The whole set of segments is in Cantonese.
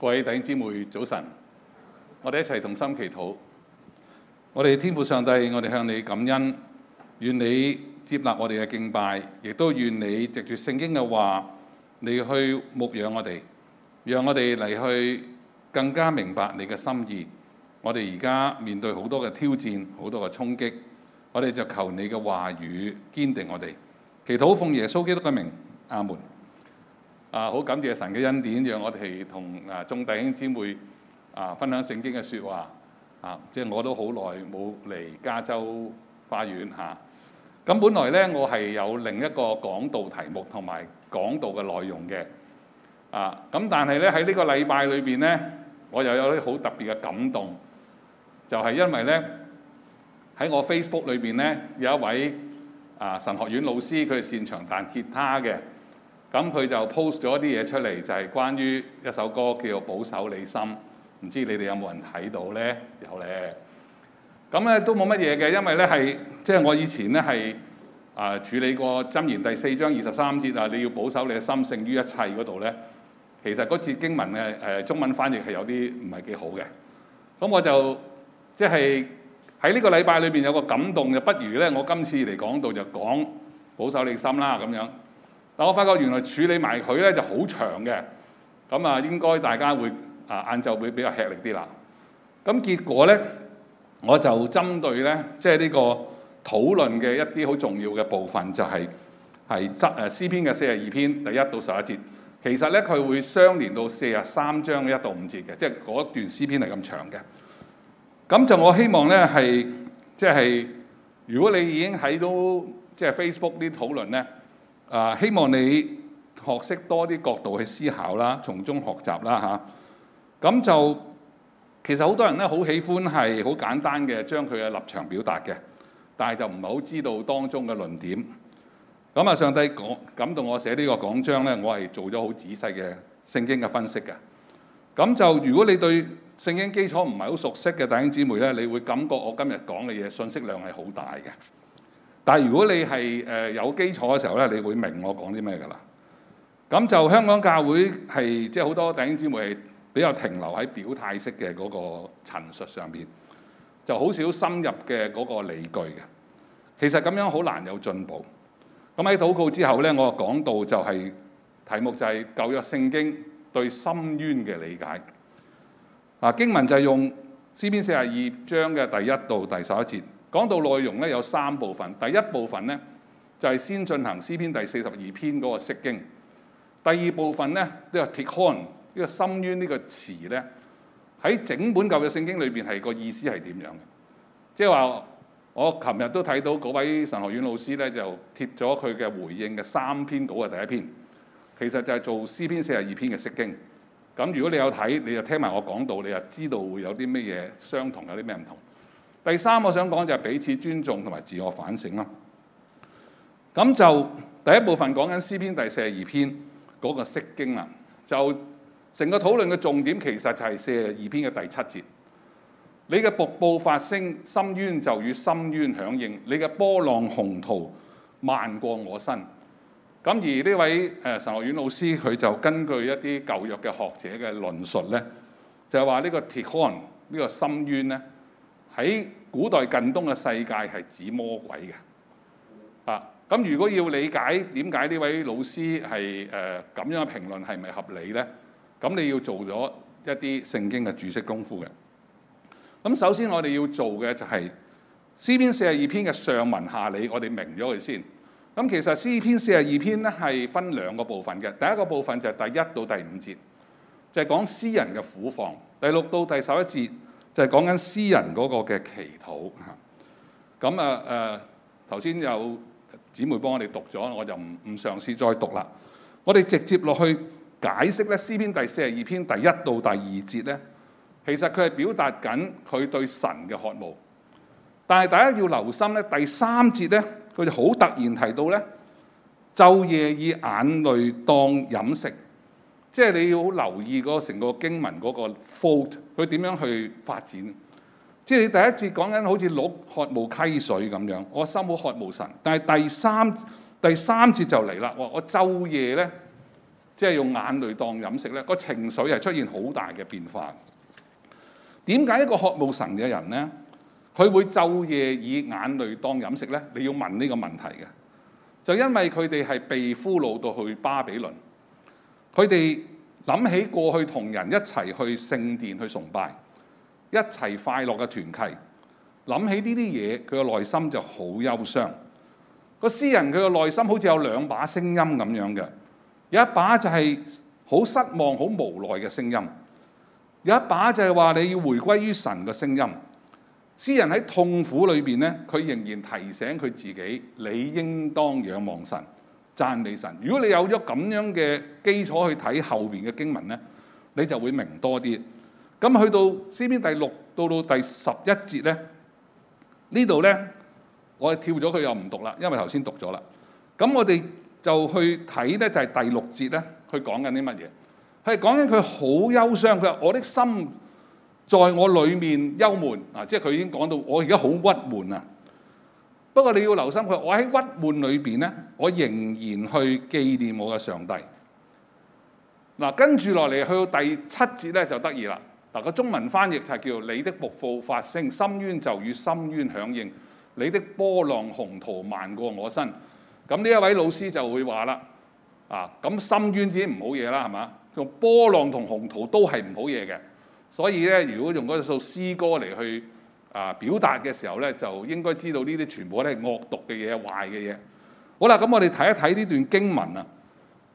各位弟兄姊妹，早晨！我哋一齊同心祈禱，我哋天父上帝，我哋向你感恩，願你接納我哋嘅敬拜，亦都願你藉住聖經嘅話，你去牧養我哋，讓我哋嚟去更加明白你嘅心意。我哋而家面對好多嘅挑戰，好多嘅衝擊，我哋就求你嘅話語堅定我哋。祈禱奉耶穌基督嘅名，阿門。啊！好感謝神嘅恩典，讓我哋同啊眾弟兄姊妹啊分享聖經嘅説話啊！即係我都好耐冇嚟加州花園嚇。咁本來呢，我係有另一個講道題目同埋講道嘅內容嘅啊。咁但係呢，喺呢個禮拜裏邊呢，我又有啲好特別嘅感動，就係因為呢，喺我 Facebook 裏邊呢，有一位啊神學院老師，佢係擅長彈吉他嘅。咁佢就 post 咗啲嘢出嚟，就係關於一首歌叫《保守你心》，唔知你哋有冇人睇到呢？有咧。咁咧都冇乜嘢嘅，因為咧係即係我以前咧係、呃、處理過箴言第四章二十三節啊，你要保守你嘅心勝於一切嗰度呢。其實嗰節經文嘅、呃、中文翻譯係有啲唔係幾好嘅。咁我就即係喺呢個禮拜裏面有個感動，就不如呢我今次嚟講道就講保守你心啦咁樣。但我發覺原來處理埋佢咧就好長嘅，咁啊應該大家會啊晏晝會比較吃力啲啦。咁結果咧，我就針對咧即係呢、就是、這個討論嘅一啲好重要嘅部分，就係係執誒詩篇嘅四十二篇第一到十一節。其實咧佢會相連到四十三章一到五節嘅，即係嗰段詩篇係咁長嘅。咁就我希望咧係即係如果你已經喺到即係、就是、Facebook 啲討論咧。啊！希望你學識多啲角度去思考啦，從中學習啦嚇。咁、啊、就其實好多人咧，好喜歡係好簡單嘅將佢嘅立場表達嘅，但係就唔係好知道當中嘅論點。咁啊，上帝講感動我寫呢個講章呢，我係做咗好仔細嘅聖經嘅分析嘅。咁就如果你對聖經基礎唔係好熟悉嘅弟兄姊妹呢，你會感覺我今日講嘅嘢信息量係好大嘅。但係如果你係誒有基礎嘅時候咧，你會明我講啲咩噶啦。咁就香港教會係即係好多弟兄姊妹係比較停留喺表態式嘅嗰個陳述上邊，就好少深入嘅嗰個理據嘅。其實咁樣好難有進步。咁喺禱告之後咧，我講到就係、是、題目就係、是、舊約聖經對深淵嘅理解。啊，經文就係用詩篇四十二章嘅第一到第十一節。講到內容咧，有三部分。第一部分咧，就係、是、先進行詩篇第四十二篇嗰、那個釋經。第二部分咧，呢個鐵漢呢個深淵個呢個詞咧，喺整本舊約聖經裏邊係個意思係點樣嘅？即係話我琴日都睇到嗰位神學院老師咧，就貼咗佢嘅回應嘅三篇稿嘅第一篇，其實就係做詩篇四十二篇嘅釋經。咁如果你有睇，你就聽埋我講到，你就知道會有啲咩嘢相同，有啲咩唔同。第三，我想講就係彼此尊重同埋自我反省啦。咁就第一部分講緊《詩篇》第四十二篇嗰、那個《釋經》啦、啊。就成個討論嘅重點其實就係四十二篇嘅第七節。你嘅瀑布發聲，深淵就與深淵響應；你嘅波浪洪濤漫過我身。咁而呢位誒神學院老師佢就根據一啲舊約嘅學者嘅論述呢，就係話呢個鐵礦呢個深淵呢。喺古代近東嘅世界係指魔鬼嘅啊！咁如果要理解點解呢位老師係誒咁樣嘅評論係咪合理呢？咁你要做咗一啲聖經嘅注釋功夫嘅。咁首先我哋要做嘅就係、是、詩篇四十二篇嘅上文下理，我哋明咗佢先。咁其實詩篇四十二篇咧係分兩個部分嘅，第一個部分就係第一到第五節，就係、是、講詩人嘅苦況；第六到第十一節，就係講緊詩人嗰個嘅祈禱嚇，咁啊誒頭先有姊妹幫我哋讀咗，我就唔唔嘗試再讀啦。我哋直接落去解釋咧，詩篇第四十二篇第一到第二節咧，其實佢係表達緊佢對神嘅渴慕。但係大家要留心咧，第三節咧，佢就好突然提到咧，晝夜以眼淚當飲食。即係你要好留意嗰成個經文嗰個 fault，佢點樣去發展？即係你第一節講緊好似鹿渴慕溪水咁樣，我心好渴慕神。但係第三第三節就嚟啦，話我晝夜咧，即係用眼淚當飲食咧，個情緒係出現好大嘅變化的。點解一個渴慕神嘅人咧，佢會晝夜以眼淚當飲食咧？你要問呢個問題嘅，就因為佢哋係被俘虜到去巴比倫。佢哋諗起過去同人一齊去聖殿去崇拜，一齊快樂嘅團契，諗起呢啲嘢，佢個內心就好憂傷。個詩人佢個內心好似有兩把聲音咁樣嘅，有一把就係好失望、好無奈嘅聲音；有一把就係話你要回歸於神嘅聲音。詩人喺痛苦裏面，呢佢仍然提醒佢自己：你應當仰望神。讚美神！如果你有咗咁樣嘅基礎去睇後邊嘅經文咧，你就會明多啲。咁去到詩篇第六到到第十一節咧，這裏呢度咧我哋跳咗佢又唔讀啦，因為頭先讀咗啦。咁我哋就去睇咧，就係、是、第六節咧，佢講緊啲乜嘢？係講緊佢好憂傷，佢話我的心在我裏面憂悶啊！即係佢已經講到我而家好鬱悶啊！不過你要留心佢，我喺鬱悶裏邊咧，我仍然去紀念我嘅上帝。嗱，跟住落嚟去到第七節咧就得意啦。嗱，個中文翻譯就係叫你的瀑布發聲，深淵就與深淵響應；你的波浪洪濤漫過我身。咁呢一位老師就會話啦：啊，咁深淵自己唔好嘢啦，係嘛？用波浪同洪濤都係唔好嘢嘅。所以咧，如果用嗰一首詩歌嚟去。啊、呃，表達嘅時候咧，就應該知道呢啲全部咧係惡毒嘅嘢、壞嘅嘢。好啦，咁我哋睇一睇呢段經文啊。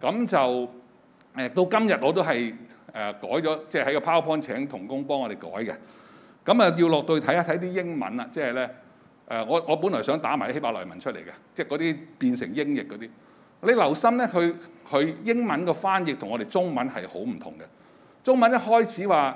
咁就誒、呃、到今日我都係誒、呃、改咗，即、就、係、是、喺個 PowerPoint 請同工幫我哋改嘅。咁啊，要落去睇一睇啲英文啊，即係咧誒我我本來想打埋希伯來文出嚟嘅，即係嗰啲變成英譯嗰啲。你留心咧，佢佢英文嘅翻譯同我哋中文係好唔同嘅。中文一開始話。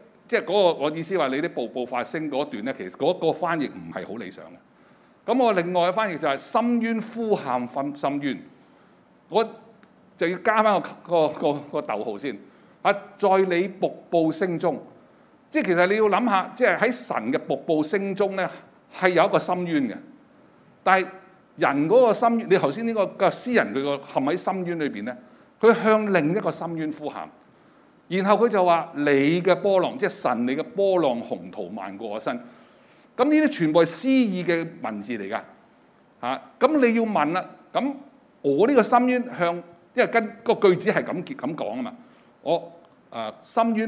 即係嗰、嗰個，我意思話你啲瀑布發聲嗰段咧，其實嗰個翻譯唔係好理想嘅。咁我另外嘅翻譯就係、係、深淵呼喊，訓深淵。我就要加翻個一個一個個逗號先。啊，在你瀑布聲中，即係其實你要諗下，即係喺神嘅瀑布聲中咧，係有一個深淵嘅。但係人嗰個深淵，你頭先呢個個詩人佢個陷喺深淵裏邊咧，佢向另一個深淵呼喊。然後佢就話：你嘅波浪，即係神，你嘅波浪，洪濤漫過我身。咁呢啲全部係詩意嘅文字嚟㗎，嚇、啊！咁你要問啦。咁我呢個深淵向，因為跟個句子係咁結咁講啊嘛。我啊深淵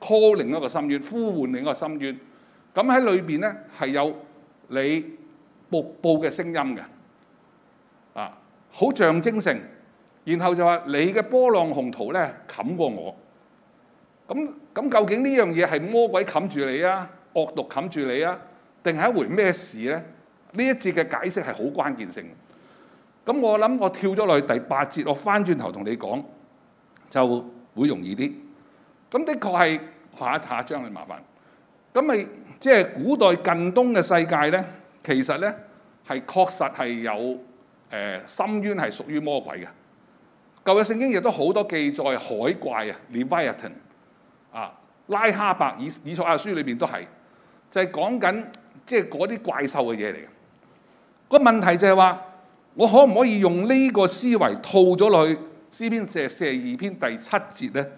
call 另一個深淵，呼喚另一個深淵。咁喺裏邊咧係有你瀑布嘅聲音嘅，啊，好象徵性。然後就話你嘅波浪洪濤咧冚過我。咁咁究竟呢樣嘢係魔鬼冚住你啊，惡毒冚住你啊，定係一回咩事咧？呢一節嘅解釋係好關鍵性嘅。咁我諗我跳咗落去第八節，我翻轉頭同你講就會容易啲。咁的確係下一下一章麻煩。咁咪即係古代近東嘅世界咧，其實咧係確實係有誒、呃、深淵係屬於魔鬼嘅。舊約聖經亦都好多記載海怪啊 Leviathan 拉哈伯、以以賽亞書裏邊都係，就係講緊即係嗰啲怪獸嘅嘢嚟嘅。個問題就係話，我可唔可以用呢個思維套咗落去詩篇四十二篇第七節咧？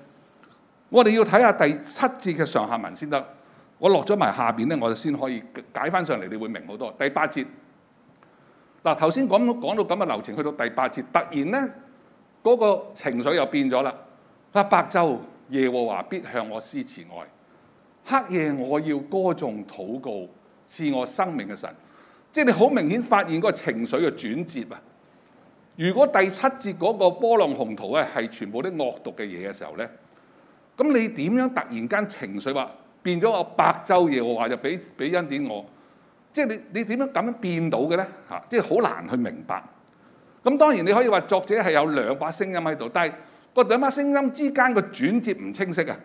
我哋要睇下第七節嘅上下文先得。我落咗埋下邊咧，我就先可以解翻上嚟，你會明好多。第八節嗱，頭先講講到咁嘅流程，去到第八節突然咧嗰個情緒又變咗啦。阿伯就～耶和華必向我施慈愛，黑夜我要歌頌禱告，賜我生命嘅神。即係你好明顯發現個情緒嘅轉折啊！如果第七節嗰個波浪洪濤咧係全部啲惡毒嘅嘢嘅時候咧，咁你點樣突然間情緒話變咗個白晝耶和華就俾俾恩典我？即係你你點樣咁樣變到嘅咧？吓，即係好難去明白。咁當然你可以話作者係有兩把聲音喺度，但係。個兩把聲音之間個轉接唔清晰啊！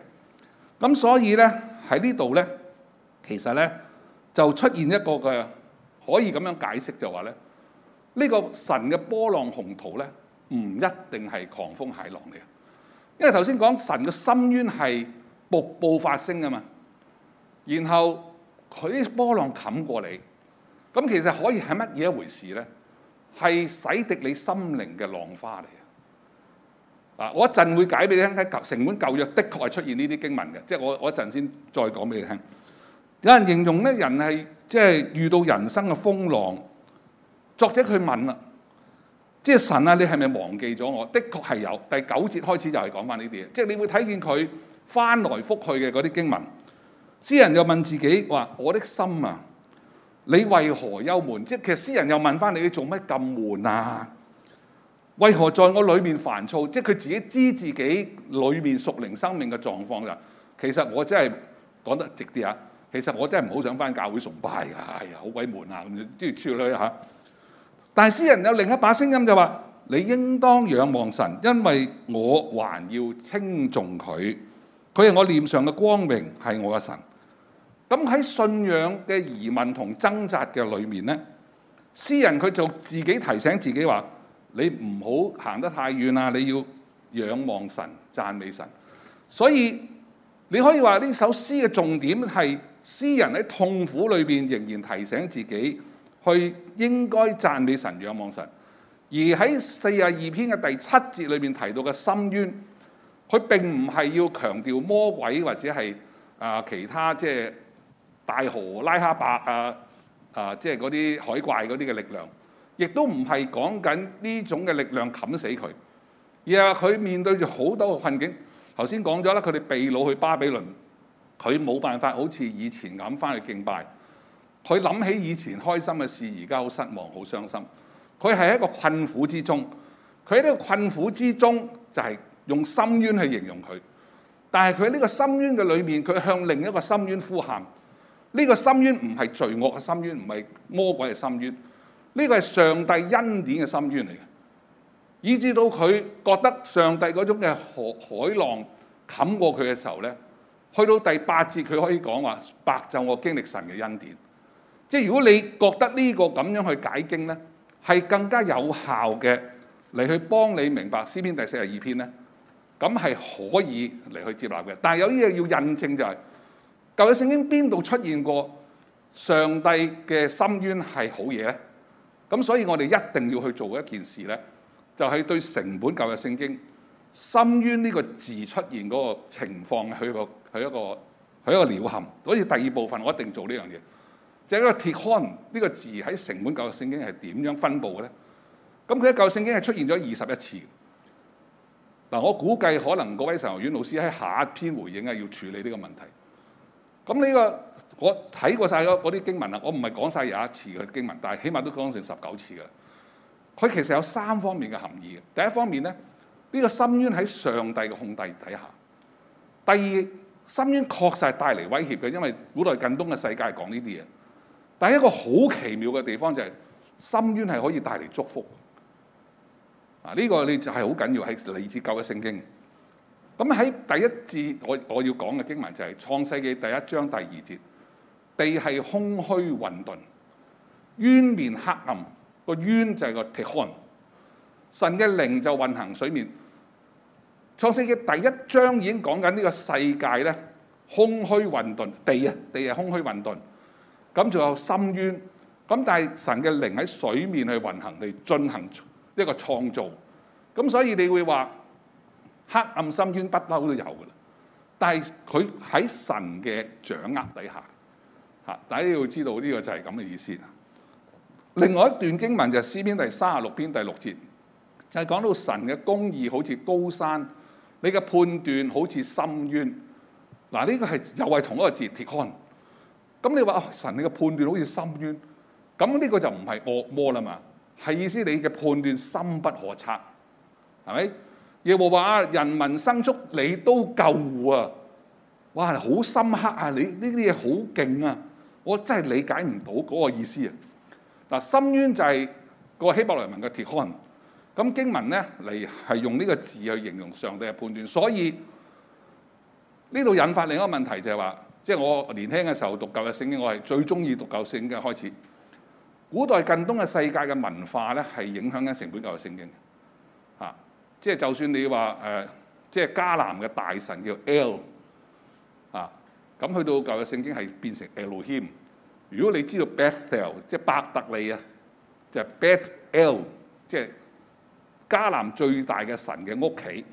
咁所以咧喺呢度咧，其實咧就出現一個嘅可以咁樣解釋就話咧，呢、這個神嘅波浪洪濤咧唔一定係狂風海浪嚟啊！因為頭先講神嘅深淵係瀑布發聲啊嘛，然後佢啲波浪冚過你，咁其實可以係乜嘢一回事咧？係洗滌你心靈嘅浪花嚟。啊！我一陣會，會解俾你聽，及成本舊約的確係出現呢啲經文嘅，即係我我一陣先再講俾你聽。有人形容咧，人係即係遇到人生嘅風浪，作者佢問啦，即係神啊，你係咪忘記咗我？的確係有第九節開始又係講翻呢啲嘢，即係你會睇見佢翻來覆去嘅嗰啲經文。詩人又問自己話：我的心啊，你為何憂悶？即係其實詩人又問翻你你做乜咁悶啊？為何在我裏面煩躁？即係佢自己知自己裏面屬靈生命嘅狀況㗎。其實我真係講得直啲啊。其實我真係唔好想返教會崇拜啊。哎呀，好鬼悶啊！咁樣，即係出去。但係詩人有另一把聲音就話：你應當仰望神，因為我還要稱重佢。佢係我臉上嘅光明，係我嘅神。咁喺信仰嘅疑問同掙扎嘅裏面咧，詩人佢就自己提醒自己話。你唔好行得太遠啦！你要仰望神、讚美神。所以你可以話呢首詩嘅重點係詩人喺痛苦裏面仍然提醒自己去應該讚美神、仰望神。而喺四十二篇嘅第七節裏面提到嘅深淵，佢並唔係要強調魔鬼或者係啊、呃、其他即係、就是、大河拉哈伯啊啊即係嗰啲海怪嗰啲嘅力量。亦都唔係講緊呢種嘅力量冚死佢，而係佢面對住好多嘅困境。頭先講咗啦，佢哋被擄去巴比倫，佢冇辦法好似以前咁翻去敬拜。佢諗起以前開心嘅事，而家好失望、好傷心。佢係一個困苦之中，佢喺呢個困苦之中就係、是、用深淵去形容佢。但係佢喺呢個深淵嘅裏面，佢向另一個深淵呼喊。呢、這個深淵唔係罪惡嘅深淵，唔係魔鬼嘅深淵。呢、這個係上帝恩典嘅深淵嚟嘅，以至到佢覺得上帝嗰種嘅海海浪冚過佢嘅時候咧，去到第八節佢可以講話：白晝我經歷神嘅恩典。即係如果你覺得呢個咁樣去解經咧，係更加有效嘅嚟去幫你明白詩篇第四十二篇咧，咁係可以嚟去接納嘅。但係有啲嘢要印證就係究竟舊約聖經邊度出現過上帝嘅深淵係好嘢咧？咁所以我哋一定要去做一件事咧，就係、是、對成本舊約聖經深淵呢個字出現嗰個情況，佢個佢一個佢一個鳥瞰。所以第二部分我一定做呢樣嘢，就係、是、一、這個鐵刊呢個字喺成本舊約聖經係點樣分佈嘅咧？咁佢喺舊約聖經係出現咗二十一次。嗱，我估計可能各位神學院老師喺下一篇回應啊，要處理呢個問題。咁、這、呢個我睇過晒嗰啲經文啦，我唔係講晒廿一次嘅經文，但係起碼都講成十九次嘅。佢其實有三方面嘅含義嘅。第一方面咧，呢、這個深淵喺上帝嘅控制底下。第二，深淵確實係帶嚟威脅嘅，因為古代近東嘅世界係講呢啲嘢。但係一個好奇妙嘅地方就係、是、深淵係可以帶嚟祝福。啊，呢個你就係好緊要，係嚟自舊約聖經。咁喺第一節，我我要講嘅經文就係《創世記》第一章第二節，地係空虛混沌，淵面黑暗。淵是個淵就係個鐵漢，神嘅靈就運行水面。《創世記》第一章已經講緊呢個世界咧，空虛混沌，地啊，地係空虛混沌。咁仲有深淵，咁但係神嘅靈喺水面去運行，嚟進行一個創造。咁所以你會話。黑暗深淵不嬲都有噶啦，但係佢喺神嘅掌握底下，嚇！大家要知道呢個就係咁嘅意思。另外一段經文就係詩篇第三十六篇第六節，就係、是、講到神嘅公義好似高山，你嘅判斷好似深淵。嗱、這、呢個係又係同一個字，鐵漢。咁你話神你嘅判斷好似深淵，咁呢個就唔係惡魔啦嘛，係意思你嘅判斷深不可測，係咪？耶和華啊，人民牲畜，你都救護啊！哇，好深刻啊！你呢啲嘢好勁啊！我真係理解唔到嗰個意思啊！嗱，深淵就係個希伯來文嘅鐵漢，咁經文咧嚟係用呢個字去形容上帝嘅判斷，所以呢度引發另一個問題就係話，即係我年輕嘅時候讀舊嘅聖經，我係最中意讀舊聖經嘅開始。古代近東嘅世界嘅文化咧，係影響緊成本舊約聖經嘅啊。即係就算你話誒、呃，即係迦南嘅大神叫 El 啊，咁去到舊約聖經係變成 Elohim。如果你知道 Bethel 即係伯特利啊，就係、Beth El，即係迦南最大嘅神嘅屋企，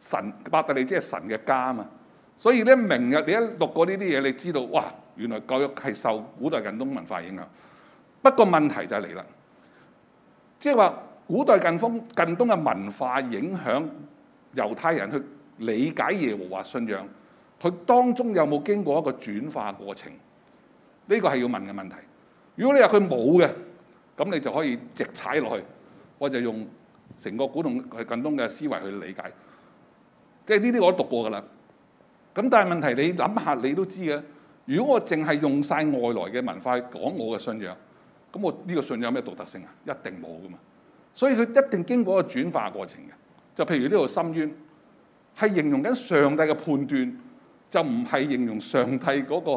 神伯特利即係神嘅家啊嘛。所以咧，明日你一讀過呢啲嘢，你知道哇，原來教育係受古代近東文化影響。不過問題就嚟啦，即係話。古代近東近東嘅文化影響猶太人去理解耶和華信仰，佢當中有冇經過一個轉化過程？呢個係要問嘅問題。如果你話佢冇嘅，咁你就可以直踩落去。我就用成個古代近東嘅思維去理解，即係呢啲我都讀過㗎啦。咁但係問題，你諗下你都知嘅。如果我淨係用晒外來嘅文化去講我嘅信仰，咁我呢個信仰有咩獨特性啊？一定冇㗎嘛。所以佢一定經過一個轉化過程嘅，就譬如呢度深淵係形容緊上帝嘅判斷，就唔係形容上帝嗰個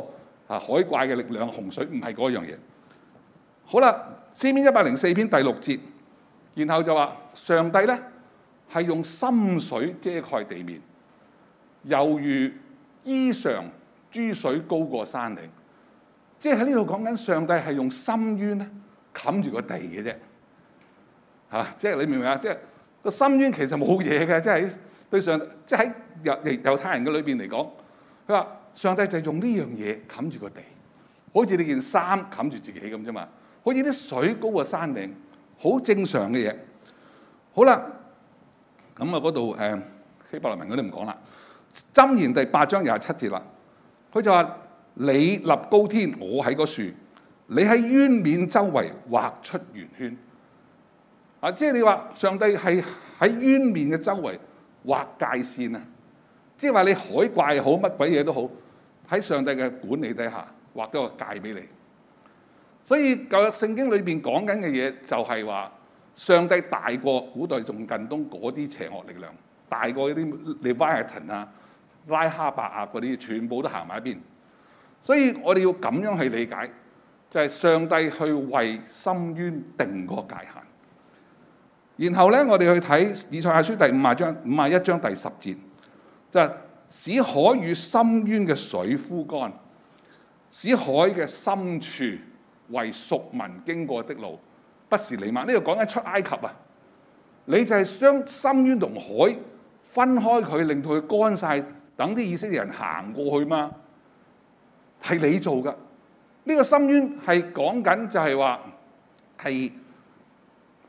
啊海怪嘅力量，洪水唔係嗰樣嘢。好啦，詩篇一百零四篇第六節，然後就話上帝咧係用深水遮蓋地面，猶如衣裳諸水高過山嶺，即係喺呢度講緊上帝係用深淵咧冚住個地嘅啫。嚇！即係你明唔明啊？即係個深淵其實冇嘢嘅，即係對上，即係喺猶猶太人嘅裏邊嚟講，佢話上帝就用呢樣嘢冚住個地，好似你件衫冚住自己咁啫嘛，好似啲水高過山頂，好正常嘅嘢。好啦，咁啊嗰度誒希伯來文我都唔講啦，針然了《箴言》第八章廿七節啦，佢就話：你立高天，我喺個樹；你喺淵面周圍畫出圓圈。啊！即係你話上帝係喺淵面嘅周圍劃界線啊！即係話你海怪也好，乜鬼嘢都好，喺上帝嘅管理底下劃咗個界俾你。所以舊約聖經裏邊講緊嘅嘢就係話，上帝大過古代仲近東嗰啲邪惡力量，大過嗰啲 Leviathan 啊、拉哈伯啊嗰啲，全部都行埋一邊。所以我哋要咁樣去理解，就係上帝去為深淵定個界限。然後咧，我哋去睇《以賽亞書》第五十章五十一章第十節，就係、使海與深淵嘅水枯乾，使海嘅深處為屬民經過的路，不是、這個、是你嘛，呢度講緊出埃及啊！你就係將深淵同海分開佢，令到佢乾晒，等啲以色列人行過去嘛？係你做噶？呢、這個深淵係講緊就係話係。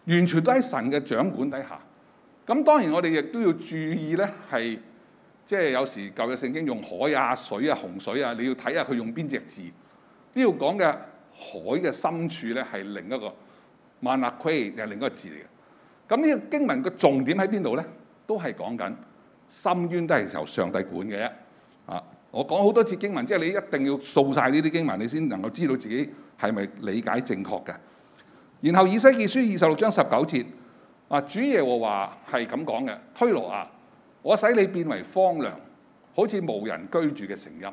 完全都喺神嘅掌管底下。咁當然我哋亦都要注意咧，係即係有時舊嘅聖經用海啊、水啊、洪水啊，你要睇下佢用邊隻字。呢度講嘅海嘅深處咧，係另一個萬立奎，又另一個字嚟嘅。咁呢個經文嘅重點喺邊度咧？都係講緊深淵都係由上帝管嘅啫。啊，我講好多次經文即係，就是、你一定要掃晒呢啲經文，你先能夠知道自己係咪理解正確嘅。然後以西結書二十六章十九節，啊，主耶和華係咁講嘅，推羅啊，我使你變為荒涼，好似無人居住嘅城邑，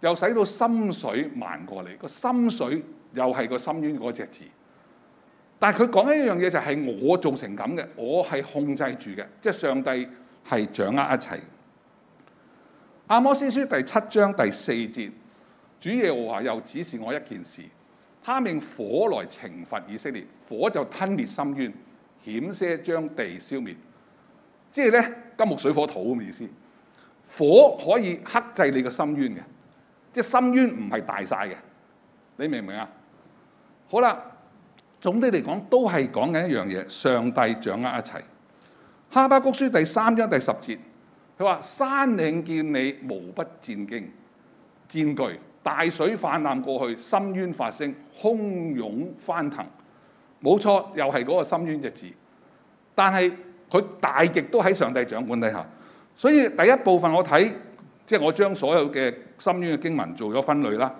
又使到深水漫過你，個深水又係個深淵嗰隻字。但係佢講一樣嘢就係我做成咁嘅，我係控制住嘅，即係上帝係掌握一切。阿摩斯書第七章第四節，主耶和華又指示我一件事。他命火來懲罰以色列，火就吞滅深淵，險些將地消滅。即係咧金木水火土咁嘅意思，火可以克制你嘅深淵嘅，即係深淵唔係大晒嘅，你明唔明啊？好啦，總的嚟講都係講緊一樣嘢，上帝掌握一切。哈巴谷書第三章第十節，佢話山嶺見你無不戰驚，戰懼。大水泛濫過去，深淵發聲，洶湧翻騰。冇錯，又係嗰個深淵隻字。但係佢大極都喺上帝掌管底下。所以第一部分我睇，即係我將所有嘅深淵嘅經文做咗分類啦，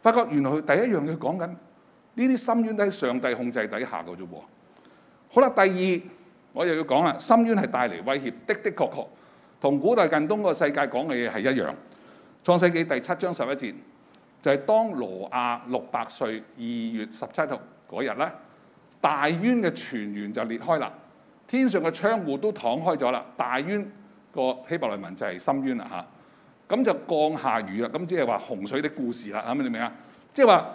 發覺原來佢第一樣嘢講緊呢啲深淵都喺上帝控制底下嘅啫喎。好啦，第二我又要講啦，深淵係帶嚟威脅的的確確，同古代近東個世界講嘅嘢係一樣。創世記第七章十一節。就係、是、當挪亞六百歲二月十七號嗰日咧，大淵嘅泉源就裂開啦，天上嘅窗戶都敞開咗啦，大淵個希伯來文就係深淵啦嚇，咁、啊、就降下雨啦，咁即係話洪水的故事啦，係咪你明、就是、說是啊？即係話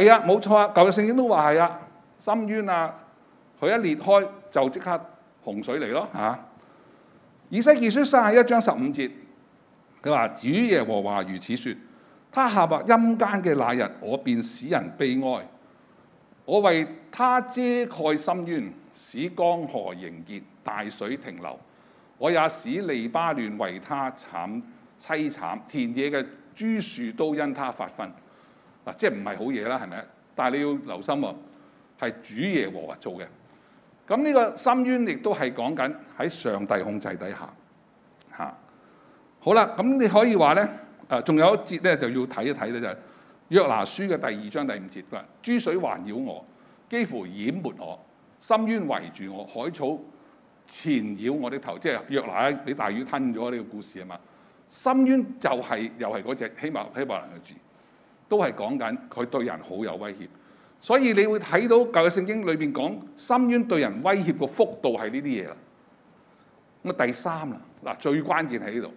係啊，冇錯啊，舊約聖經都話係啊，深淵啊，佢一裂開就即刻洪水嚟咯嚇。以西結書三十一章十五節，佢話主耶和華如此説。他下白陰間嘅那日，我便使人悲哀；我為他遮蓋深淵，使江河凝結，大水停留。我也使黎巴嫩為他慘悽慘，田野嘅諸樹都因他發昏。嗱、啊，即係唔係好嘢啦，係咪？但係你要留心喎，係主耶和華做嘅。咁呢個深淵亦都係講緊喺上帝控制底下。嚇、啊，好啦，咁你可以話咧。誒，仲有一節咧，就要睇一睇咧，就係約拿書嘅第二章第五節。嗱，珠水環繞我，幾乎淹沒我，深淵圍住我，海草纏繞我啲頭，即係約拿俾大魚吞咗呢個故事啊嘛。深淵就係又係嗰隻希伯，希伯來嘅字，都係講緊佢對人好有威脅，所以你會睇到舊約聖經裏邊講深淵對人威脅個幅度係呢啲嘢啦。咁啊第三啦，嗱，最關鍵喺呢度。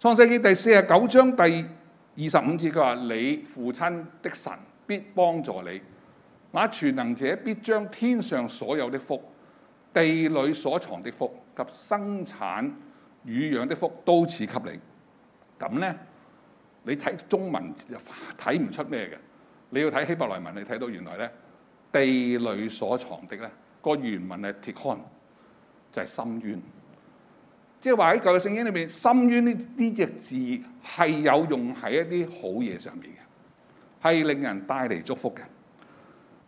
創世記第四十九章第二十五節，佢話：你父親的神必幫助你，那全能者必將天上所有的福、地裏所藏的福及生產乳養的福都賜給你。咁咧，你睇中文睇唔出咩嘅？你要睇希伯來文，你睇到原來咧，地裏所藏的咧，個原文係 tehom，就係深淵。即係話喺舊嘅聖經裏面，深淵呢呢隻字係有用喺一啲好嘢上面嘅，係令人帶嚟祝福嘅。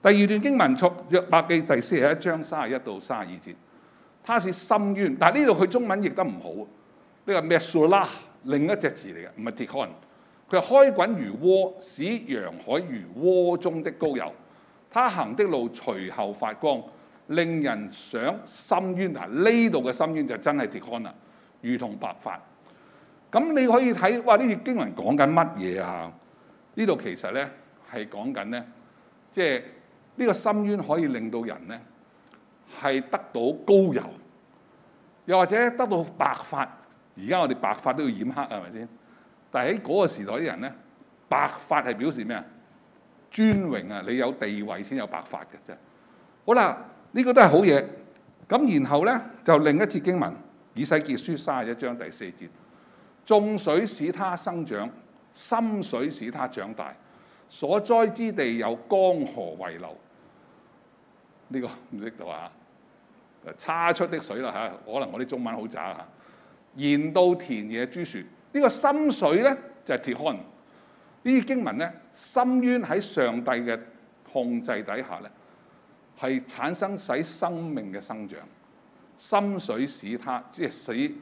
第二段經文從約伯記第四十一章三十一到三十二節，他是深淵，但係呢度佢中文譯得唔好，呢、這個 Metsulah 另一隻字嚟嘅，唔係 Tehom。佢係開滾如鍋，使洋海如鍋中的膏油，他行的路隨後發光。令人想深淵啊！呢度嘅深淵就真係跌乾啦，如同白髮。咁你可以睇，哇！呢啲經文講緊乜嘢啊？呢度其實咧係講緊咧，即係呢個深淵可以令到人咧係得到高油，又或者得到白髮。而家我哋白髮都要染黑，係咪先？但係喺嗰個時代啲人咧，白髮係表示咩啊？尊榮啊！你有地位先有白髮嘅啫。好啦。呢、這個都係好嘢，咁然後咧就另一節經文，《以西結書》三十一章第四節：眾水使他生長，深水使他長大，所栽之地有江河圍流。這個」呢個唔識到啊，汊出的水啦嚇，可能我啲中文好渣嚇。道到田野諸樹，呢、這個深水咧就係鐵漢。呢啲經文咧，深淵喺上帝嘅控制底下咧。係產生使生命嘅生長，心水使他即係使，使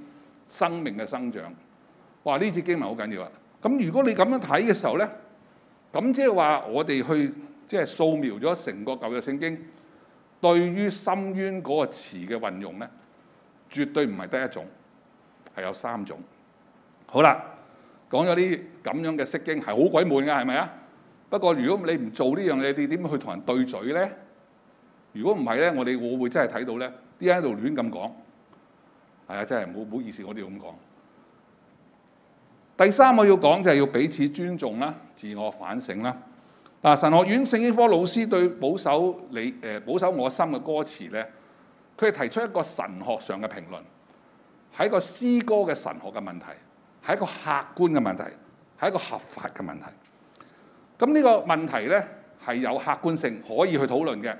生命嘅生長。哇！呢節經文好緊要啊！咁如果你咁樣睇嘅時候咧，咁即係話我哋去即係、就是、掃描咗成個舊約聖經，對於深淵嗰個詞嘅運用咧，絕對唔係得一種，係有三種。好啦，講咗啲咁樣嘅釋經係好鬼悶㗎，係咪啊？不過如果你唔做呢樣嘢，你點去同人對嘴咧？如果唔係咧，我哋我會真係睇到咧，啲人喺度亂咁講，係、哎、啊，真係唔好唔好意思，我哋要咁講。第三個要講就係要彼此尊重啦，自我反省啦。嗱，神學院聖經科老師對保守你誒保守我心嘅歌詞咧，佢係提出一個神學上嘅評論，係一個詩歌嘅神學嘅問題，係一個客觀嘅問題，係一個合法嘅問題。咁呢個問題咧係有客觀性可以去討論嘅。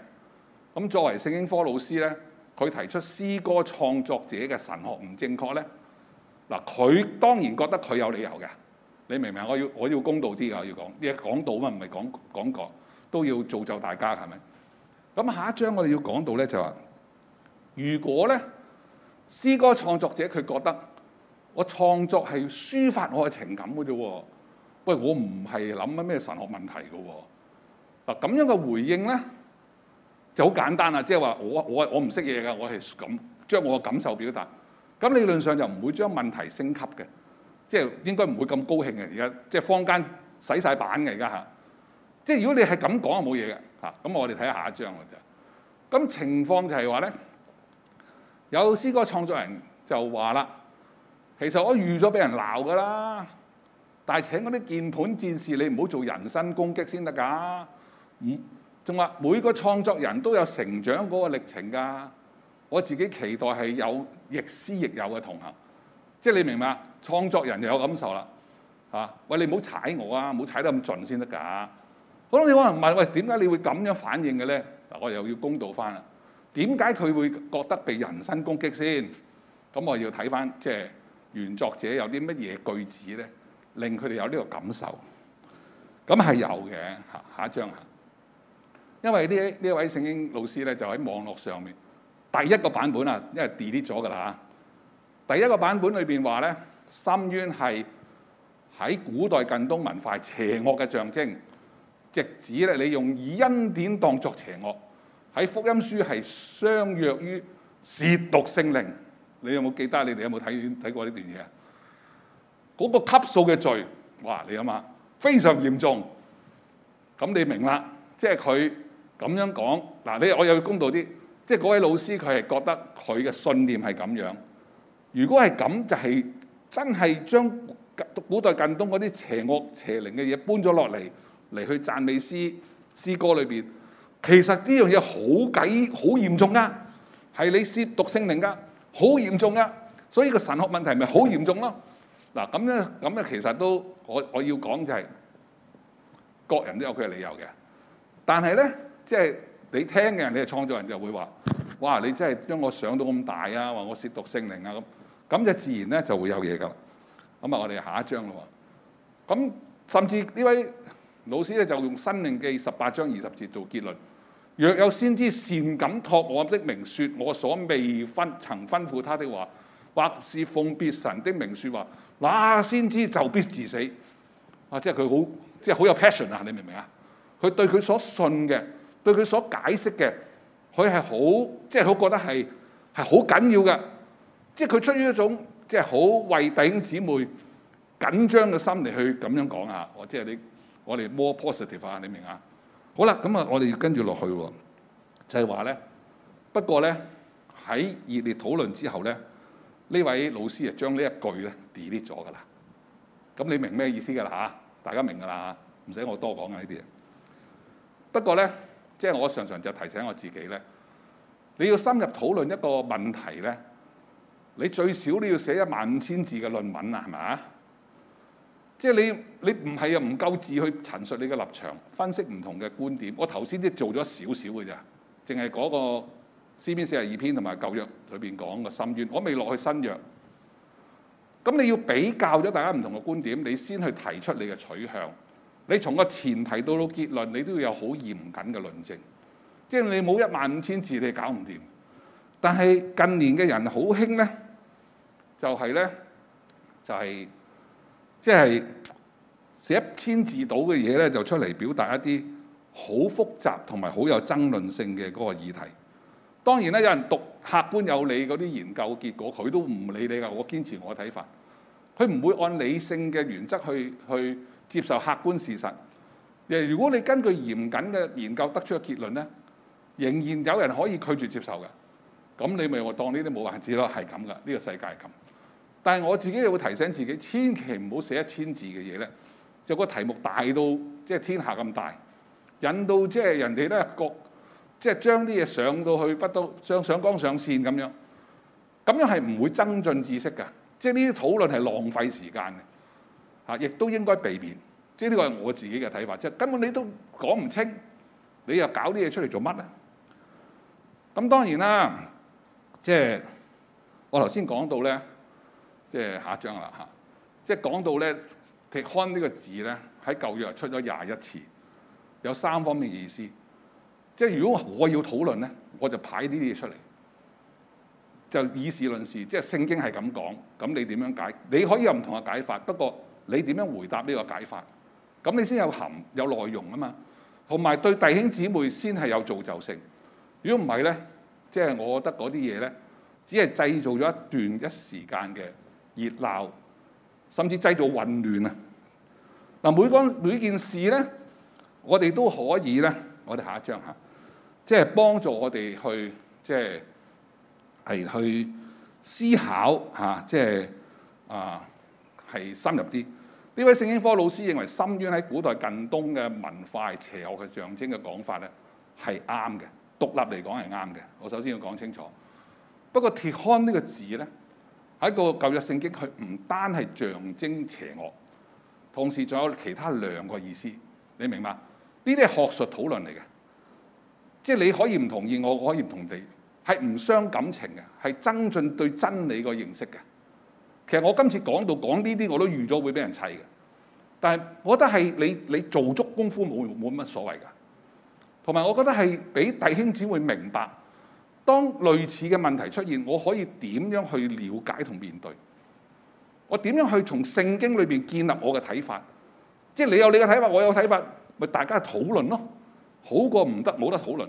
咁作為聖經科老師咧，佢提出詩歌創作者嘅神學唔正確咧，嗱佢當然覺得佢有理由嘅，你明唔明？我要我要公道啲啊，我要講一講到啊，唔係講講講都要造就大家係咪？咁下一章我哋要講到咧就話、係，如果咧詩歌創作者佢覺得我創作係抒發我嘅情感嘅啫，喂我唔係諗緊咩神學問題嘅喎，嗱咁樣嘅回應咧。就好簡單啦，即係話我我我唔識嘢㗎，我係咁將我嘅感受表達。咁理論上就唔會將問題升級嘅，即係應該唔會咁高興嘅。而家即係坊間洗晒版嘅而家嚇，即係如果你係咁講啊，冇嘢嘅嚇。咁我哋睇下一張㗎啫。咁情況就係話咧，有詩歌創作人就話啦，其實我預咗俾人鬧㗎啦，但係請嗰啲鍵盤戰士你唔好做人身攻擊先得㗎。嗯。仲話每個創作人都有成長嗰個歷程㗎。我自己期待係有亦師亦友嘅同行，即係你明白創作人又有感受啦嚇、啊。喂，你唔好踩我啊！唔好踩得咁盡先得㗎。可能你可能問喂，點解你會咁樣反應嘅咧？嗱，我又要公道翻啦。點解佢會覺得被人身攻擊先？咁我要睇翻即係原作者有啲乜嘢句子咧，令佢哋有呢個感受。咁係有嘅嚇。下一張嚇。因為呢呢位聖經老師咧，就喺網絡上面第一個版本啊，因為 delete 咗㗎喇吓。第一個版本裏邊話咧，深淵係喺古代近東文化邪惡嘅象徵，直指咧你用以恩典當作邪惡，喺福音書係相約於褻瀆聖靈。你有冇記得你有沒有？你哋有冇睇睇過呢段嘢啊？嗰個級數嘅罪，哇！你諗下，非常嚴重。咁你明啦，即係佢。咁樣講嗱，你我又要公道啲，即係嗰位老師佢係覺得佢嘅信念係咁樣。如果係咁，就係、是、真係將古代近東嗰啲邪惡邪靈嘅嘢搬咗落嚟嚟去讚美詩詩歌裏面。其實呢樣嘢好鬼好嚴重噶，係你褻瀆聖靈噶，好嚴重噶。所以個神學問題咪好嚴重咯。嗱，咁樣咁樣，其實都我我要講就係、是、各人都有佢嘅理由嘅，但係咧。即係你聽嘅人，你係創作人，就會話，哇！你真係將我想到咁大啊，話我褻瀆聖靈啊咁，咁就自然咧就會有嘢㗎啦。咁啊，我哋下一章咯喎。咁甚至呢位老師咧就用申命記十八章二十節做結論，若有先知擅敢託我的名説我所未分曾吩咐他的話，或是奉別神的名説話，那先知就必治死。啊！即係佢好，即係好有 passion 啊！你明唔明啊？佢對佢所信嘅。對佢所解釋嘅，佢係好即係，佢、就是、覺得係係好緊要嘅，即係佢出於一種即係好為弟兄姊妹緊張嘅心嚟去咁樣講下，我即係你，我哋 more positive 化，你明啊？好啦，咁啊，我哋跟住落去喎，就係話咧，不過咧喺熱烈討論之後咧，呢位老師啊將呢一句咧 delete 咗噶啦，咁你明咩意思噶啦嚇？大家明噶啦嚇，唔使我多講啊呢啲嘢。不過咧。即係我常常就提醒我自己咧，你要深入討論一個問題咧，你最少你要寫一萬五千字嘅論文啊，係咪？即係你你唔係啊，唔夠字去陳述你嘅立場，分析唔同嘅觀點。我頭先都做咗少少嘅啫，淨係嗰個詩篇四十二篇同埋舊約裏面講嘅深淵，我未落去新約。咁你要比較咗大家唔同嘅觀點，你先去提出你嘅取向。你從個前提到到結論，你都要有好嚴謹嘅論證，即係你冇一萬五千字，你搞唔掂。但係近年嘅人好興咧，就係、係、咧，就係即係寫一千字到嘅嘢咧，就出嚟表達一啲好複雜同埋好有爭論性嘅嗰個議題。當然咧，有人讀客觀有理嗰啲研究結果，佢都唔理你㗎，我堅持我睇法，佢唔會按理性嘅原則去去。去接受客觀事實，誒！如果你根據嚴謹嘅研究得出嘅結論咧，仍然有人可以拒絕接受嘅，咁你咪話當呢啲冇辦法咯，係咁噶，呢個世界係咁。但係我自己又會提醒自己，千祈唔好寫一千字嘅嘢咧，就個題目大到即係、就是、天下咁大，引到即係人哋咧覺，即係將啲嘢上到去不都上上綱上線咁樣，咁樣係唔會增進知識㗎，即係呢啲討論係浪費時間嘅。啊！亦都應該避免，即係呢個係我自己嘅睇法，即係根本你都講唔清，你又搞啲嘢出嚟做乜咧？咁當然啦，即係我頭先講到咧，即係下一章啦嚇，即係講到咧，提康呢個字咧喺舊約出咗廿一次，有三方面嘅意思。即係如果我要討論咧，我就派呢啲嘢出嚟，就以事論事，即係聖經係咁講，咁你點樣解？你可以有唔同嘅解法，不過，你點樣回答呢個解法？咁你先有含有內容啊嘛，同埋對弟兄姊妹先係有造就性。如果唔係咧，即係我覺得嗰啲嘢咧，只係製造咗一段一時間嘅熱鬧，甚至製造混亂啊！嗱，每個每件事咧，我哋都可以咧，我哋下一章嚇，即係幫助我哋去即係係去思考嚇，即係啊係深入啲。呢位聖經科老師認為深淵喺古代近東嘅文化係邪惡嘅象徵嘅講法咧係啱嘅，獨立嚟講係啱嘅。我首先要講清楚。不過鐵鎗呢個字咧，喺個舊約聖經，佢唔單係象徵邪惡，同時仲有其他兩個意思。你明白？呢啲係學術討論嚟嘅，即係你可以唔同意我，我可以唔同意你，係唔傷感情嘅，係增進對真理嘅認識嘅。其實我今次講到講呢啲，我都預咗會俾人砌嘅。但係，我覺得係你你做足功夫冇冇乜所謂㗎。同埋，我覺得係俾弟兄姊妹明白，當類似嘅問題出現，我可以點樣去了解同面對？我點樣去從聖經裏面建立我嘅睇法？即係你有你嘅睇法，我有睇法，咪大家討論咯，好過唔得冇得討論。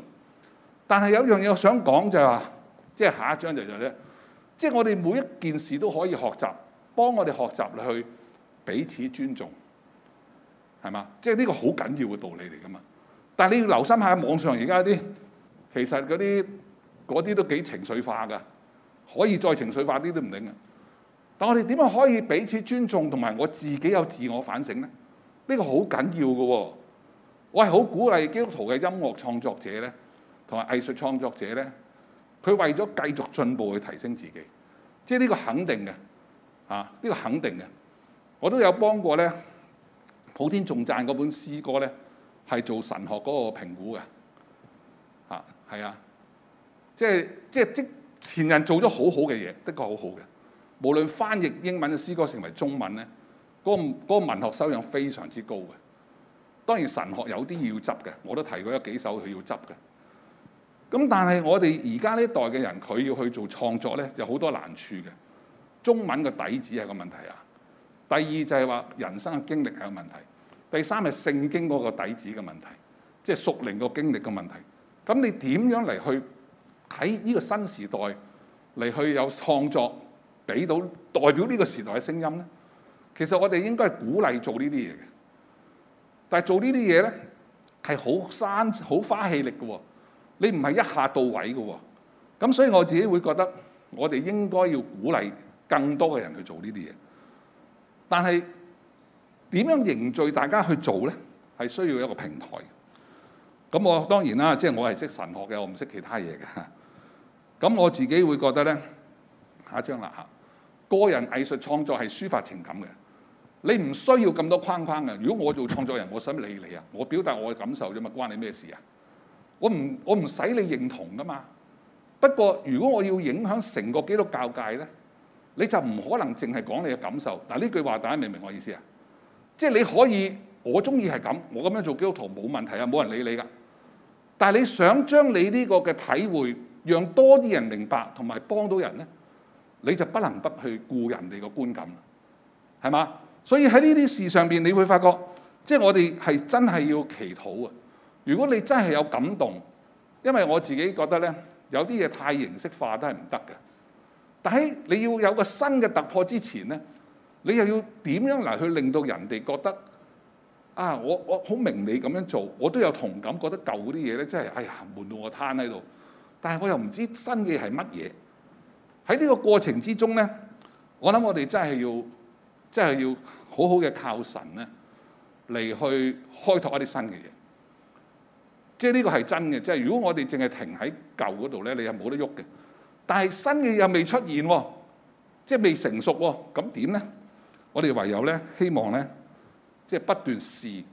但係有一樣嘢我想講就係話，即係下一章就就是即係我哋每一件事都可以學習，幫我哋學習去彼此尊重，係嘛？即係呢個好緊要嘅道理嚟噶嘛。但係你要留心下網上而家啲，其實嗰啲嗰啲都幾情緒化噶，可以再情緒化啲都唔定嘅。但我哋點樣可以彼此尊重同埋我自己有自我反省咧？呢個好緊要嘅喎。我係好鼓勵基督徒嘅音樂創作者咧，同埋藝術創作者咧。佢為咗繼續進步去提升自己，即係呢個肯定嘅，啊，呢個肯定嘅，我都有幫過咧，普天頌讚嗰本詩歌咧，係做神學嗰個評估嘅，啊，係啊，即係即係即前人做咗好好嘅嘢，的確好好嘅，無論翻譯英文嘅詩歌成為中文咧，嗰個嗰個文學修養非常之高嘅，當然神學有啲要執嘅，我都提過一幾首佢要執嘅。咁但係我哋而家呢一代嘅人，佢要去做創作咧，有好多難處嘅。中文嘅底子係個問題啊。第二就係話人生嘅經歷係個問題。第三係聖經嗰個底子嘅問題，即係熟齡個經歷嘅問題。咁你點樣嚟去喺呢個新時代嚟去有創作，俾到代表呢個時代嘅聲音咧？其實我哋應該係鼓勵做呢啲嘢嘅。但係做這些呢啲嘢咧，係好生好花氣力嘅喎。你唔係一下到位嘅喎、哦，咁所以我自己會覺得我哋應該要鼓勵更多嘅人去做呢啲嘢。但係點樣凝聚大家去做呢？係需要一個平台。咁我當然啦，即係我係識神學嘅，我唔識其他嘢嘅。咁我自己會覺得呢，下一張啦嚇，個人藝術創作係抒發情感嘅，你唔需要咁多框框嘅。如果我做創作人，我想理你啊，我表達我嘅感受啫嘛，關你咩事啊？我唔我唔使你認同噶嘛。不過如果我要影響成個基督教界咧，你就唔可能淨係講你嘅感受。嗱，呢句話大家明唔明我意思啊？即係你可以我中意係咁，我咁樣做基督徒冇問題啊，冇人理你噶。但係你想將你呢個嘅體會，讓多啲人明白同埋幫到人咧，你就不能不去顧人哋個觀感，係嘛？所以喺呢啲事上邊，你會發覺即係我哋係真係要祈禱啊！如果你真係有感動，因為我自己覺得咧，有啲嘢太形式化都係唔得嘅。但係你要有個新嘅突破之前咧，你又要點樣嚟去令到人哋覺得啊？我我好明你咁樣做，我都有同感，覺得舊啲嘢咧真係哎呀悶到我攤喺度。但係我又唔知新嘅係乜嘢。喺呢個過程之中咧，我諗我哋真係要真係要好好嘅靠神咧嚟去開拓一啲新嘅嘢。即係呢個係真嘅，即係如果我哋淨係停喺舊嗰度咧，你又冇得喐嘅。但係新嘅又未出現喎，即係未成熟喎，咁點咧？我哋唯有咧希望咧，即係不斷試，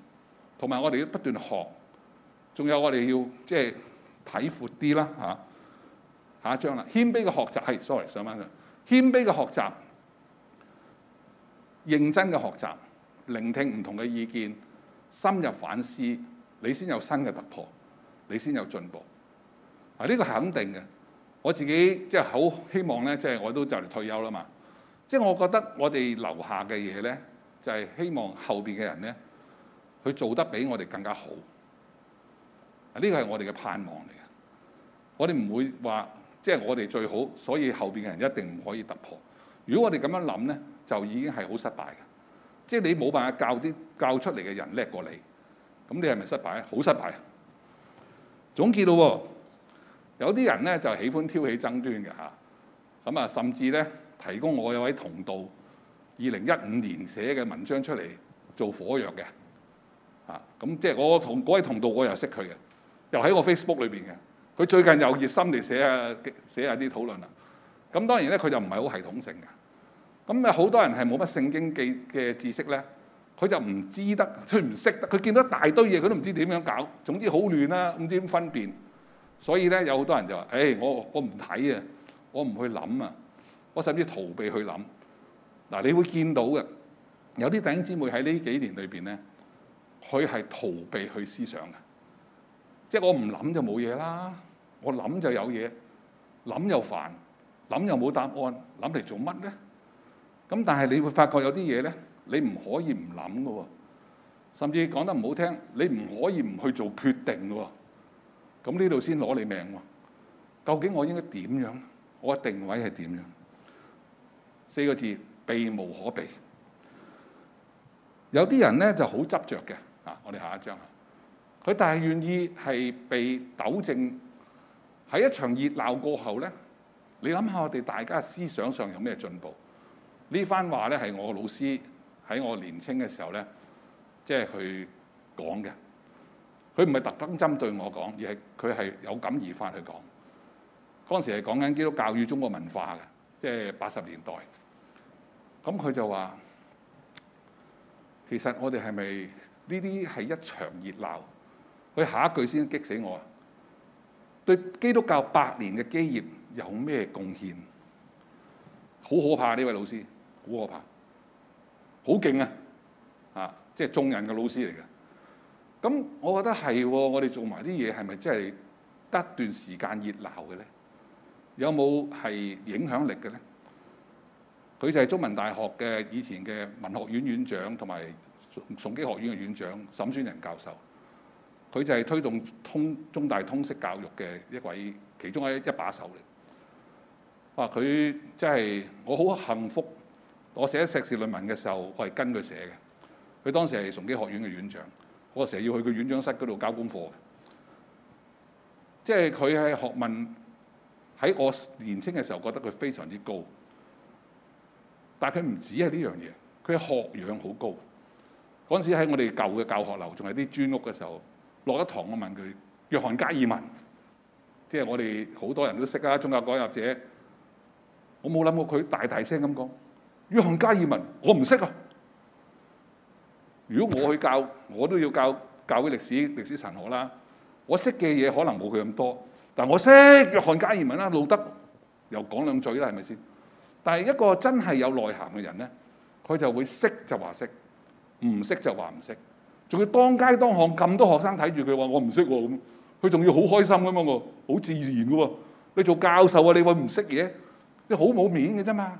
同埋我哋要不斷學，仲有我哋要即係睇闊啲啦嚇。下一張啦，謙卑嘅學習，係 sorry 上返上謙卑嘅學習，認真嘅學習，聆聽唔同嘅意見，深入反思，你先有新嘅突破。你先有進步啊！呢個係肯定嘅。我自己即係好希望咧，即係我都就嚟退休啦嘛。即係我覺得我哋留下嘅嘢咧，就係希望後邊嘅人咧，佢做得比我哋更加好啊！呢個係我哋嘅盼望嚟嘅。我哋唔會話即係我哋最好，所以後邊嘅人一定唔可以突破。如果我哋咁樣諗咧，就已經係好失敗嘅。即係你冇辦法教啲教出嚟嘅人叻過你，咁你係咪失敗啊？好失敗啊！總結咯，有啲人咧就喜歡挑起爭端嘅吓。咁啊甚至咧提供我有位同道二零一五年寫嘅文章出嚟做火藥嘅，啊咁即係我同嗰位同道我又識佢嘅，又喺我 Facebook 裏邊嘅，佢最近又熱心地寫啊寫下、啊、啲討論啦，咁、啊、當然咧佢就唔係好系統性嘅，咁啊好多人係冇乜聖經記嘅知識咧。佢就唔知得，佢唔識得，佢見到一大堆嘢，佢都唔知點樣搞。總之好亂啦，唔知點分辨。所以咧，有好多人就話，誒，我我唔睇啊，我唔去諗啊，我甚至逃避去諗。嗱，你會見到嘅，有啲弟兄姊妹喺呢幾年裏邊咧，佢係逃避去思想嘅，即係我唔諗就冇嘢啦，我諗就有嘢，諗又煩，諗又冇答案，諗嚟做乜咧？咁但係你會發覺有啲嘢咧。你唔可以唔諗嘅喎，甚至講得唔好聽，你唔可以唔去做決定嘅喎。咁呢度先攞你命喎。究竟我應該點樣？我嘅定位係點樣？四個字，避無可避。有啲人咧就好執着嘅啊。我哋下一張啊，佢但係願意係被糾正，喺一場熱鬧過後咧。你諗下，我哋大家的思想上有咩進步？呢番話咧係我老師。喺我年青嘅時候咧，即係去講嘅。佢唔係特登針對我講，而係佢係有感而發去講。嗰陣時係講緊基督教與中國文化嘅，即係八十年代。咁佢就話：其實我哋係咪呢啲係一場熱鬧？佢下一句先激死我啊！對基督教百年嘅基業有咩貢獻？好可怕呢位老師，好可怕！好勁啊！啊，即係眾人嘅老師嚟嘅。咁我覺得係，哦，我哋做埋啲嘢係咪真係得段時間熱鬧嘅咧？有冇係影響力嘅咧？佢就係中文大學嘅以前嘅文學院院長同埋崇基學院嘅院長沈宣仁教授。佢就係推動通中大通識教育嘅一位其中一一把手嚟。話佢即係我好幸福。我寫碩士論文嘅時候，我係跟佢寫嘅。佢當時係崇基學院嘅院長，我成日要去佢院長室嗰度交功課嘅。即係佢係學問喺我年青嘅時候覺得佢非常之高，但係佢唔止係呢樣嘢，佢學養好高。嗰陣時喺我哋舊嘅教學樓仲係啲磚屋嘅時候，落一堂我問佢《約翰加爾文》，即係我哋好多人都識啊，宗教改革者。我冇諗過佢大大聲咁講。約翰加爾文，我唔識啊！如果我去教，我都要教教會歷史、歷史神學啦。我識嘅嘢可能冇佢咁多，但我識約翰加爾文啦，路德又講兩嘴啦，係咪先？但係一個真係有內涵嘅人咧，佢就會識就話識，唔識就話唔識，仲要當街當巷咁多學生睇住佢話我唔識喎，咁，佢仲要好開心咁樣好自然嘅、啊、喎。你做教授啊，你會唔識嘢？你好冇面嘅啫嘛。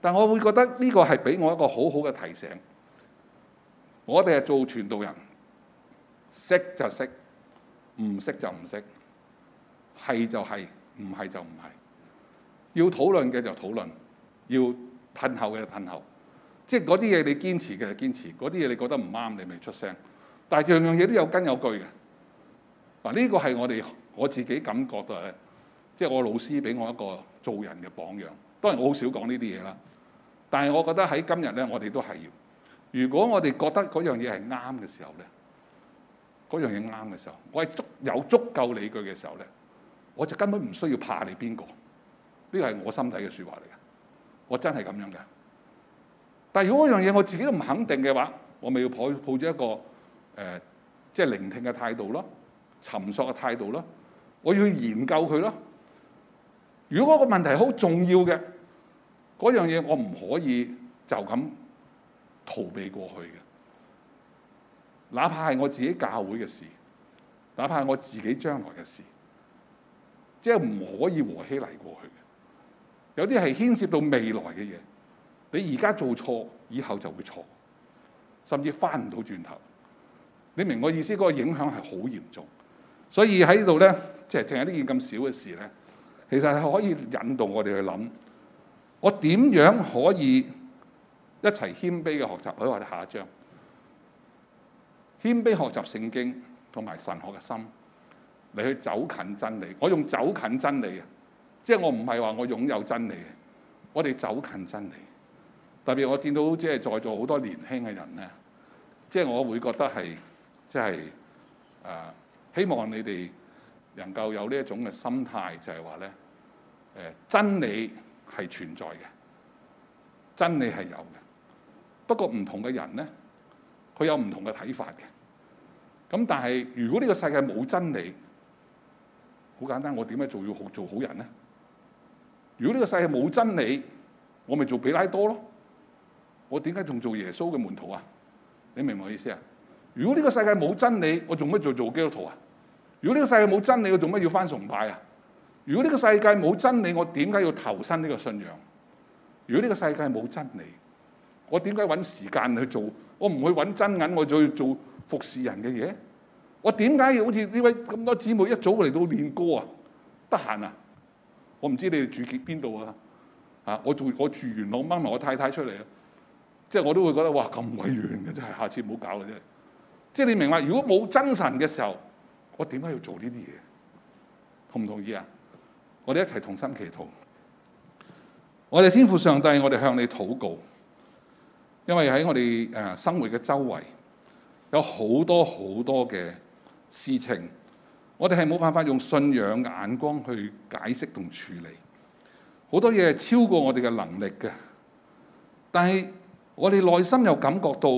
但我會覺得呢個係俾我一個好好嘅提醒，我哋係做傳道人，識就識，唔識就唔識，係就係，是，唔係就唔係。要討論嘅就討論，要褪後嘅就褪後，即係嗰啲嘢你堅持嘅就堅持，嗰啲嘢你覺得唔啱你咪出聲。但係樣樣嘢都有根有據嘅，嗱、這、呢個係我哋我自己感覺到，即係我老師俾我一個做人嘅榜樣。當然我好少講呢啲嘢啦，但係我覺得喺今日咧，我哋都係要。如果我哋覺得嗰樣嘢係啱嘅時候咧，嗰樣嘢啱嘅時候，我係足有足夠理據嘅時候咧，我就根本唔需要怕你邊個。呢個係我心底嘅説話嚟嘅，我真係咁樣嘅。但係如果嗰樣嘢我自己都唔肯定嘅話，我咪要抱抱住一個誒，即係聆聽嘅態度咯，尋索嘅態度咯，我要去研究佢咯。如果個問題好重要嘅，嗰樣嘢我唔可以就咁逃避過去嘅，哪怕係我自己教會嘅事，哪怕係我自己將來嘅事，即係唔可以和稀泥過去嘅。有啲係牽涉到未來嘅嘢，你而家做錯，以後就會錯，甚至翻唔到轉頭。你明我意思？嗰個影響係好嚴重，所以喺度咧，即係淨係呢件咁少嘅事咧。其實係可以引導我哋去諗，我點樣可以一齊謙卑嘅學習？佢？我哋下一章，謙卑學習聖經同埋神學嘅心，嚟去走近真理。我用走近真理啊，即係我唔係話我擁有真理，我哋走近真理。特別我見到即係在座好多年輕嘅人咧，即係我會覺得係即係誒、呃，希望你哋。能夠有呢一種嘅心態，就係話咧，誒真理係存在嘅，真理係有嘅。不過唔同嘅人咧，佢有唔同嘅睇法嘅。咁但係如果呢個世界冇真理，好簡單，我點解仲要好做好人咧？如果呢個世界冇真理，我咪做比拉多咯。我點解仲做耶穌嘅門徒啊？你明唔明我意思啊？如果呢個世界冇真理，我做咩做做基督徒啊？如果呢個世界冇真理，我做乜要返崇拜啊？如果呢個世界冇真理，我點解要投身呢個信仰？如果呢個世界冇真理，我點解揾時間去做？我唔會揾真銀，我就做服侍人嘅嘢。我點解要好似呢位咁多姊妹一早嚟到練歌啊？得閒啊？我唔知你哋住邊度啊？啊！我住我住元朗，掹埋我太太出嚟啊！即係我都會覺得哇咁鬼遠嘅真係，下次唔好搞喇。即係你明白，如果冇真神嘅時候。我點解要做呢啲嘢？同唔同意啊？我哋一齊同心祈禱。我哋天父上帝，我哋向你禱告。因為喺我哋誒生活嘅周圍，有好多好多嘅事情，我哋係冇辦法用信仰眼光去解釋同處理。好多嘢係超過我哋嘅能力嘅。但係我哋內心又感覺到，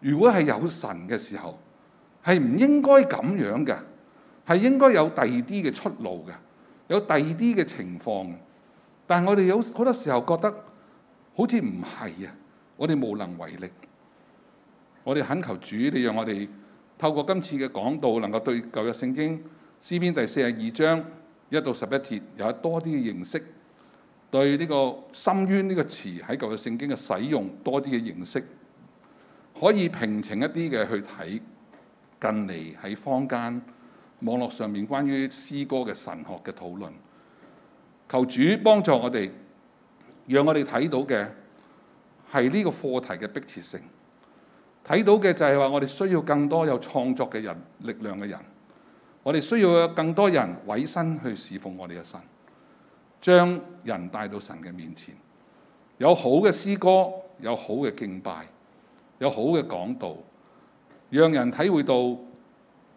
如果係有神嘅時候。係唔應該咁樣嘅，係應該有第二啲嘅出路嘅，有第二啲嘅情況。但係我哋有好多時候覺得好似唔係啊！我哋無能為力。我哋懇求主，你讓我哋透過今次嘅講道，能夠對舊約聖經詩篇第四十二章一到十一節有多啲嘅認識，對呢個深淵呢個詞喺舊約聖經嘅使用多啲嘅認識，可以平靜一啲嘅去睇。近嚟喺坊間網絡上面，關於詩歌嘅神學嘅討論，求主幫助我哋，讓我哋睇到嘅係呢個課題嘅迫切性，睇到嘅就係話我哋需要更多有創作嘅人，力量嘅人，我哋需要更多人委身去侍奉我哋嘅神，將人帶到神嘅面前，有好嘅詩歌，有好嘅敬拜，有好嘅講道。讓人體會到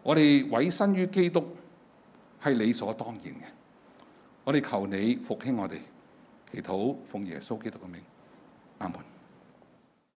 我哋委身於基督係理所當然嘅。我哋求你復興我哋，祈禱奉耶穌基督嘅名，阿門。